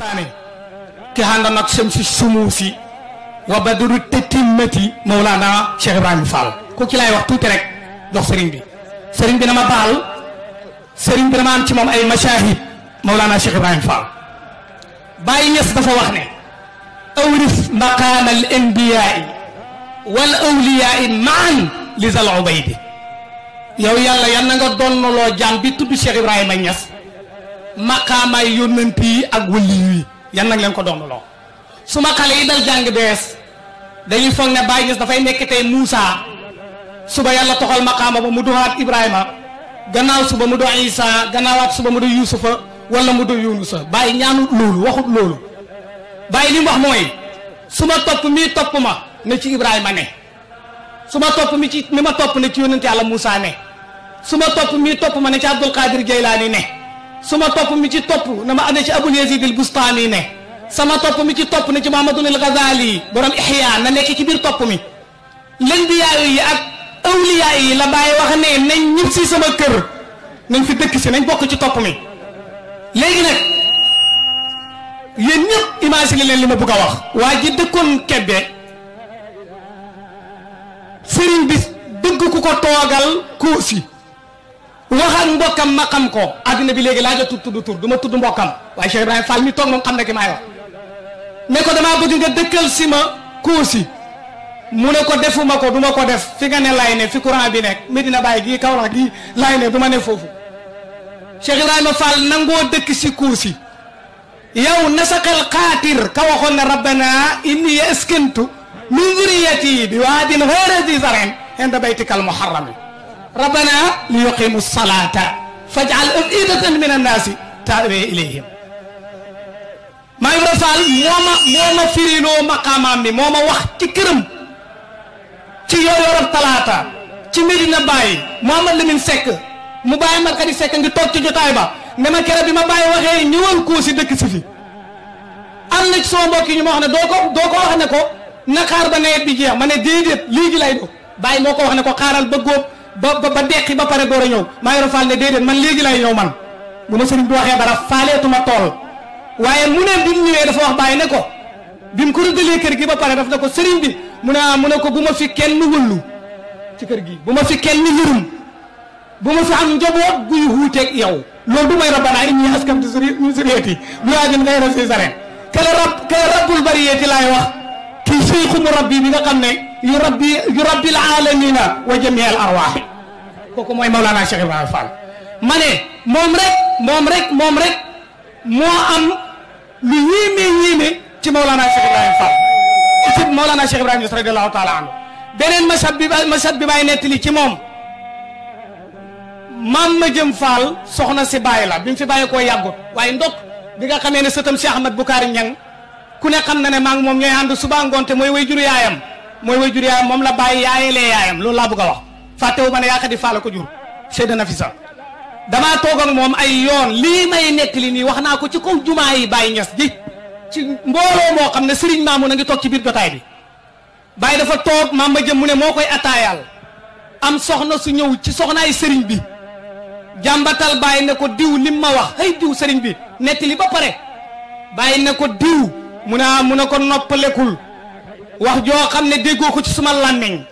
waxtaane ki àndoon ak si sumuusi wa badru tëtimmati Mawlana Cheikh Ibrahima Fall ku ci laay wax tuuti rek jox sëriñ bi sëriñ bi na ma baal sëriñ bi dama ci moom ay mashahid Mawlana Cheikh Ibrahima Fall Baye Niass dafa wax ne awrif maqaam al anbiyaai wal maan li zal ubaydi yow yàlla yan na nga donnaloo jaam bi tudd Cheikh Ibrahima Niass makama yonenti ak wali wi yan nak len ko don lo suma xale yi dal jang bes dañu fogné ne Baye Niass dafay nekk tay musa suba yalla tokal makama bu mu Ibrahima gannaaw suba mu do Isa gannaawaat suba mu do Yuusufa wala mu do Yunusa Baye ñaanu loolu waxut loolu Baye li wax moy suma top mi top ma ne ci Ibrahima ne suma top mi ci mi ma ne ci yonenti yalla musa ne suma top mi top ma ne ci Abdul Qadir Jeylaani ne suma top mi ci top na ma amee ci abul yazid al bustani ne sama top mi ci top ne ci mamadou al ghazali borom ihya na nek ci bir top mi yaay yi ak awliya yi la baye wax ne nañ ñu ci sama kër nañ fi dëkk ci nañ bok ci top mi légui nak yeen ñëpp imagine leen li bëgg wax waji dekkon kebbe sëriñ bis dëgg ku ko waxal mbokkam ma xam ko adduna bi léegi laaja tudd tudd tur du ma tudd mbokkam waaye Cheikh Ibrahima Fall mi toog moom xam na ki maay wax ne ko damaa bëgg nga dëkkal si ma kuusi mu ne ko defuma ko du ma ko def fi nga ne lay fi courant bi nekk Medina Baye gii Kaolack gii lay ne du ma ne foofu Cheikh Ibrahima Fall nangoo dëkk si kuusi yow nasaqal xaatir ka waxoon ne rabbana inni askantu min zuriyati bi waadin ghayri zi zar'in inda baytikal muharram rabbana li yuqimu salaata fajal afidatan min annaasi taawe ilayhim maa ngi rafaal moo ma moo ma firiloo maqaamaam moo ma wax ci këram ci yooyoor talaata ci Medina Baye Mouhamad Lamine Seck mu bàyyi markadi Seck ngi toog ci jotaay ba ne ma keroog bi ma bàyyi waxee ñëwal Kossy dëkk si fi am na ci sama mbokk ñu ma ne doo ko doo wax ne ko na xaar ba nawet bi jeex ma ne déedéet léegi lay do bàyyi moo ko wax ne ko xaaral ba góob ba ba deqi ba pare door a ñëw maa yoro faal ne déedéet man léegi lay ñëw man bu ma sëriñ bi waxee dara faaleetuma tool waaye mu ne bi mu ñëwee dafa ne ko bi mu ko rëddalee kër gi ba pare daf ne ko sëriñ bi mu ne ah mu ne ko bu ma fi kenn wëllu ci kër gi bu ma fi kenn yërëm bu ma fi am njaboot guy wuuteeg yow loolu du may rabbana inni askamtu min zurriyati bi waadin ghayri zi zar'in kala rabb kala rabbul bariyati laay wax seyxu mu rabbi bi nga xam yu rabbi yu rabbil alamina wa jami al arwaax kooku mooy Mawlana Cheikh Ibrahima Fall ma ne moom rek moom rek moom rek moo am lu yéeme yéeme ci Mawlana Cheikh Ibrahima Fall ci Mawlana Cheikh Ibrahima Niass radiallahu taala anhu beneen masab bi masab bi may nettali ci moom maam ma jëm Fall soxna si bàyyi la bi mu fi bàyyi koo yàggut waaye bi nga xamee ne sëtam Cheikh Ahmad Bukhari Niang ku ne xam na ne maa ngi moom ñooy ànd suba ngoonte mooy way jur yaayam mooy way jur yaayam moom la bàyyi yaayelee yaayam loolu laa bëgg a wax fàttewu ma ne yaa xadi faala ko jur Seyda Nafisa damaa toog ak moom ay yoon lii may nekk li nii wax naa ko ci kaw jumaa yi Baye Niass ji ci mbooloo moo xam ne Serigne Mamou na ngi toog ci biir jotaay bi Baye dafa toog maam ma jëm ne moo koy attaayaal am soxna su ñëw ci soxnaay sëriñ bi jàmbatal Baye ne ko diw lim ma wax hey diw Serigne bi netti li ba pare Baye ne Muna muna konop ko noppalekul wax jo xamne ne ko ci suma làmmiñ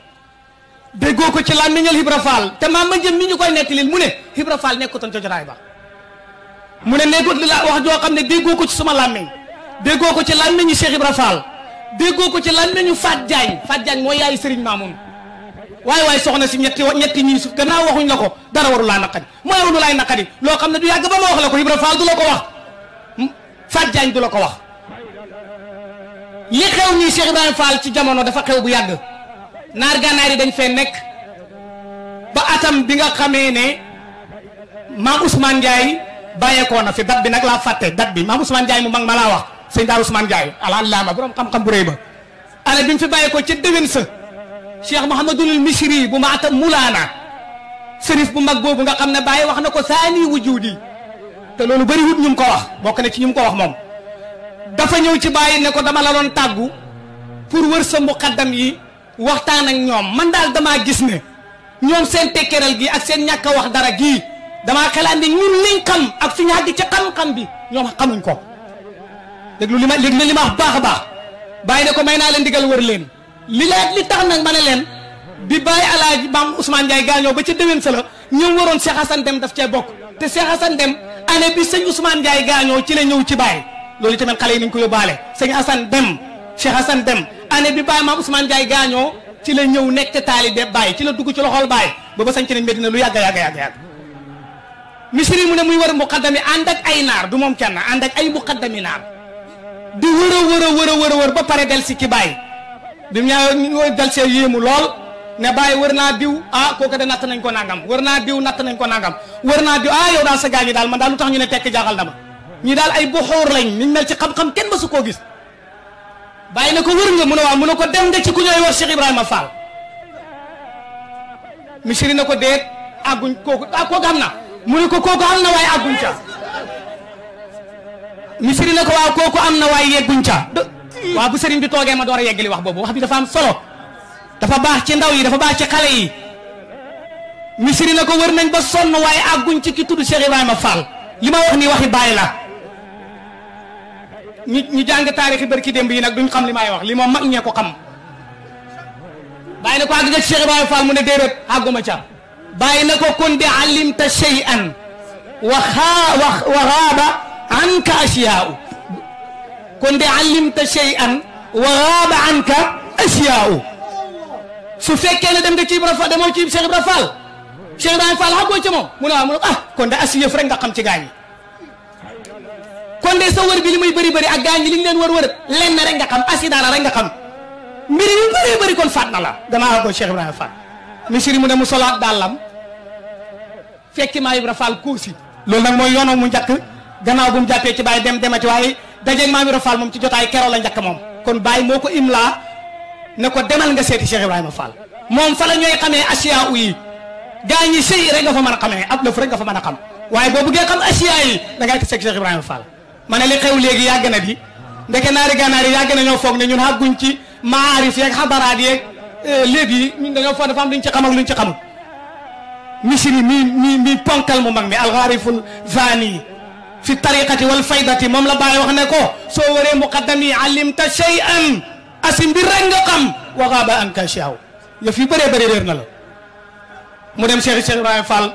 deggo ko ci làmmiñal minyukai te ma ma jëm mi ñu koy ne kutan Fall nekkutoon ca ba mune ne la wax jo xamne ne ko ci suma làmmiñ deggo ko ci làmmiñu Cheikh hibrafal deggo ko ci làmmiñu Fat Diagne Fat Diagne mooy yaay Serigne Mamoun way way soxna ci ñetti ñetti ñi suuf gëna waxuñ la dara waru la naqari mo waru naqari lo xamne ne du yag ba mo wax la ko du la ko wax Fat du la wax li xew ni cheikh ibrahim fall ci jamono dafa xew bu yag nar gànnaar dañ fe nek ba atam bi nga xamee ne maam ousmane baye ko na fi dat bi nak la fatte dat bi ma ousmane ndiaye mu mag ma wax sëñ daar ousmane ndiaye alallaama borom xam-xam bu ba sa cheikh misri bu ma atam mulaana serif bu mag bobu nga xamne baye wax nako sani wujudi te lolu bari wut ñum ko wax bok na ci ñum ko wax mom dafa ñew ci baye ne ko dama la doon taggu pour wër sa mbuqaddam yi waxtaan ak ñom man dal dama gis ne ñom seen tekkeral gi ak seen ñaka wax dara gi dama xalaat ñun liñ xam ak fi ñu ci xam-xam bi ñom xamuñ ko deg li ma léegi na lima wax baax a baax bàyyi ne ko mayna leen digal wër leen li la li tax nak mané leen bi baye alaaji bam Ousmane ndjay ba ci deewen sa la Cheikh Hassan Dem daf ci bok te Cheikh Hassan Dem ane bi seigne Ousmane ndjay gaañoo ci la ñew ci baye loolu tamit xale yi nañ ko yóbbaale sëñ Assane Dem Cheikh Assane Dem année bi baa Maam Ousmane Ndiaye gaañoo ci la ñëw nekk taalibe Baye ci la dugg ci loxol Baye booba sañ ci nañ Medina lu yàgg yàgg yàgg yàgg misiri mu ne muy war muqaddam yi ànd ak ay naar du moom kenn ànd ak ay muqaddami naar di wër a wër a wër ba pare del si ki baay bi ñaa del see yéemu lool ne Baye wër naa diw ah ko de natt nañ ko nangam wër naa diw natt nañ ko nangam war naa diw ah yow daal sa daal man ñu ne tekk jaaxal na ñi daal ay buxuur lañ niñ mel ci xam kenn mësu koo gis bàyyi ko mu ne waaw ko dem ci ku ñooy war Cheikh Ibrahima Fall misiri na ko déet àgguñ kooku ah kooku am na mu ko kooku am na na ko waaw kooku am na waaye yegguñ ca waaw bu sëriñ bi toogee ma door a yeggali wax boobu wax bi dafa am solo dafa baax ci ndaw yi dafa baax ci xale yi misiri na ko wër nañ ba na waaye àgguñ ci ki tudd Cheikh Ibrahima Fall li ma wax nii waxi bàyyi la ñu ñu jàng taarixi barki démb yi nag duñ xam li may wax li moom mag ñee ko xam bàyyi na ko àgg nga Cheikh Ibrahima Fall mu ne déedéet àgguma ca bàyyi na ko kun di alimta shay'an wa xaa wa xaaba anka ashiyaau kun di alimta shay'an wa xaaba anka ashiyaau su fekkee ne dem nga ci Ibrahima Fall demoo ci Cheikh Ibrahima Fall Cheikh Ibrahima Fall àggoo ca moom mu ne ah mu ne ah kon de asiyëf rek nga xam ci gaañ yi kon de sa wër bi li muy bëri bëri ak gaañ li ñu leen wër wër lenn rek nga xam la rek nga xam na la damaa ko Cheikh Ibrahima Fall misiri mu ne mu solaat loolu nag mooy yoonam mu njëkk gannaaw bu mu ci bàyyi dem demati waaye dajeeg maa Ibra Fall moom ci jotaay keroo la njëkk moom kon bàyyi moo ko imlaa ne ko demal nga seeti Cheikh Ibrahima Fall moom fa la ñooy xamee asiyaa yi gaañ yi sëy rek nga fa mën a xamee ab lëf rek nga fa man a xam waaye boo bëggee xam asiyaa yi da ngay tase ak Cheikh Ibrahima Fall ma li xew léegi yag na bi ndeke naari gànnaar yag yàgg na ñoo foog ne ñun ha guñ ci maarif yak xabaraat yeeg léeb ñun dañoo fa dafa am luñ ci xam ak luñ ci xam misri mi mi mi ponkal mu mag mi al gharifun zani fi tariqati wal faydati mom la baye wax ne ko so waree muqaddami alimta shay'an asim bi rek nga xam waxaaba an ka shaw yëf yu bëree bëri réer na la mu dem Cheikh Cheikh ibrahim Fall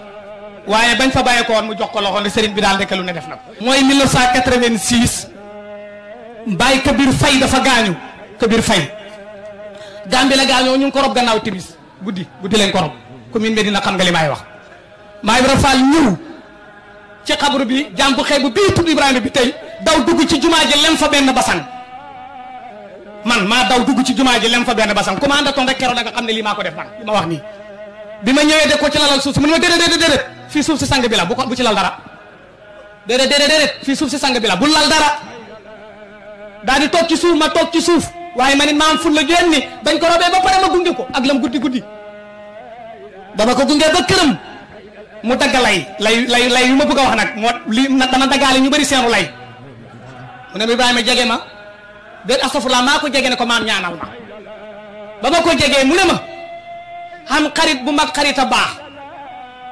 waaye bañ fa bàyyi ko mu jox ko loxo ne sëriñ bi daal rek lu ne def na ko. mooy 1986 Baye Kabir Faye dafa gaañu Kabir Faye Gambie la gaañoo ñu ko rob gannaaw timis guddi guddi lañ ko rob commune Medina xam nga li wax. maa Ibra Fall ñëw ci xabru bi jàmbu xeebu bii tudd bi tey daw dugg ci jumaa ji lem fa benn basan man maa daw dugg ci jumaa ji lem fa benn basan ku ma àndatoon rek keroog nga xam ne lii maa ko def man li ma ñëwee de ko ci lalal suuf si mu ma déedéet fi suuf si sang bi la bu ko bu ci lal dara dede dede dede fi suuf si sang bi la bu lal dara daal di toog ci suuf ma tok ci suuf waye ma ma am ful la ko aglam ba pare ma gunge ko ak lam guddi guddi dama ko gunge ba kërëm mu dagg lay lay lay yu ma bëgg wax nak mo li dama daggaale ñu bari seenu lay mu ne Ibrahima jege ma dëd ko jégué ne ko maam ñaanal ma ba ko jégué mu ne ma xam xarit bu mag xarit baax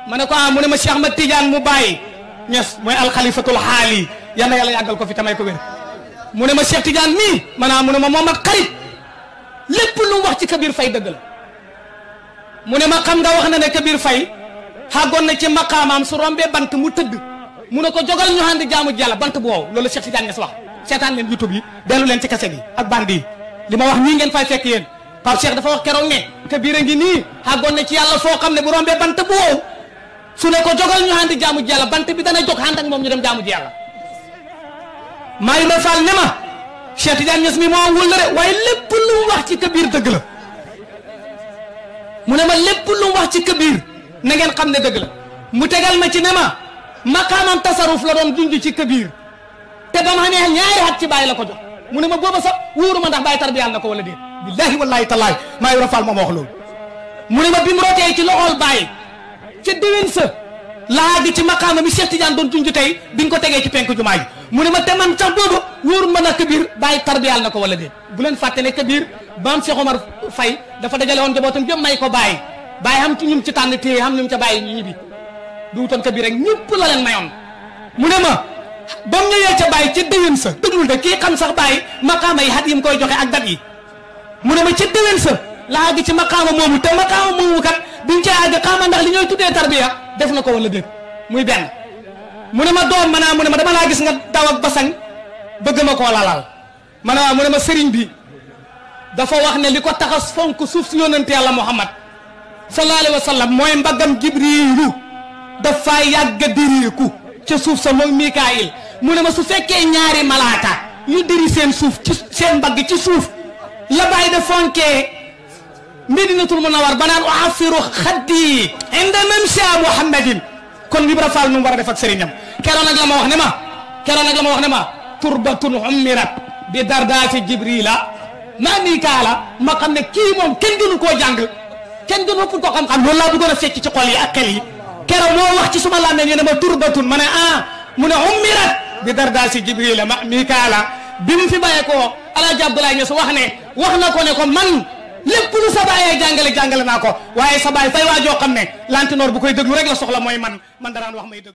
mané ko ah mu ne ma cheikh ahmad tidiane mu bay ñes moy al khalifatul hali yalla yalla yagal ko fi tamay ko wer mu ne ma cheikh tidiane mi mana mu ne ma momat xarit lepp lu wax ci kabir fay deugal mu ne ma xam nga wax na ne kabir fay hagon na ci maqamam su rombe bant mu teud mu ne ko jogal ñu handi jaamu jalla bant bu wow lolu cheikh tidiane ñess wax setan len youtube yi delu len ci cassé bi ak bandi lima wax ni ngeen fay fekk yeen par cheikh dafa wax kero ne kabir ngi ni hagon na ci yalla fo xamne bu rombe bant bu wow su ko jogal ñu handi jaamu jalla bant bi dana jog xant ak moom ñu dem jaamu jalla may maay la fal nema cheikh tidiane ñes mi moo am wëllëre way lepp lu wax ci kabir deug la mu ne ma lepp lu wax ci kabir na ngeen xamne deug la mu tegal ma ci nema ma maqaamam tasaruf la doon junj ci kabir te dama ne ñaar ñaari ci bàyyi la ko jox mu ne ma boba sax wóoruma ndax bàyyi tarbiya na ko wala déet billahi wallahi talaay may rafal fal moom wax loolu mu ne ma bimu mu ci loxol baye ca déwén sa laa gi ci maqaama mi Cheikh Tidiane doon junj tey bi nga ko tegee ci penk jumaa ji mu ne ma te man sax boobu wóoru mën a Kabir bàyyi tarbiyaal na ko wala déet bu leen fàtte ne ba baam Cheikh Omar Faye dafa dajale woon njabootam jëm may ko bàyyi bàyyi xam ci ñum ci tànn téye xam ñum ca bàyyi ñi du wutoon Kabir rek ñëpp la leen mayoon mu ne ma ba mu ñëwee ca bàyyi ca déwén sa déglul de kii xam sax bàyyi maqaama yi xat yi mu koy joxe ak sa laa gi ci maqaama moomu te maqaama moomu biñ ca àgg xamal ndax li ñoy tuddé tarbiya def nako wala def muy ben mu ne ma doom mana ah, mu ne ma dama la gis nga daw ak basang bëgg ma koo lalal mana ah, mu ne ma sëriñ bi dafa wax ne liko taxas fonk suuf ci yonante yalla muhammad sallallahu alaihi wasallam sallam mooy mbagam jibriilu dafa yag diriku ci suuf sa moog mikail mu ne ma su fekke ñaari malaata yu diri seen suuf ci seen mbag ci suuf la bàyyi da medinatul munawwar ba naan uafiru xaddi inda mamsha muhammadin kon Ibra Fall nu mu war a def ak sëriñam keroon nag la ma wax ne ma keroon nag la ma wax ne ma turbatun ummirat bi dardaati jibrila maa mikaala ma xam ne kii moom kenn gënu koo jàng kenn gënu ëpp koo xam-xam loolu laa bëggoon a fekk ci xol yi ak xel yi keroon moo wax ci suma làmmee ñu ne ma turbatun ma ne ah mu ne ummirat bi dardaati jibrila ma mikaala bi mu fi bàyyee ko Alaaji Abdoulaye Niass wax ne wax na ko ne ko man lépp lu sa baay ay jàngale jàngale naa ko waaye sa baay fay waajoo xam ne lantinoor bu koy déglu rek la soxla mooy man man daraan wax may déglu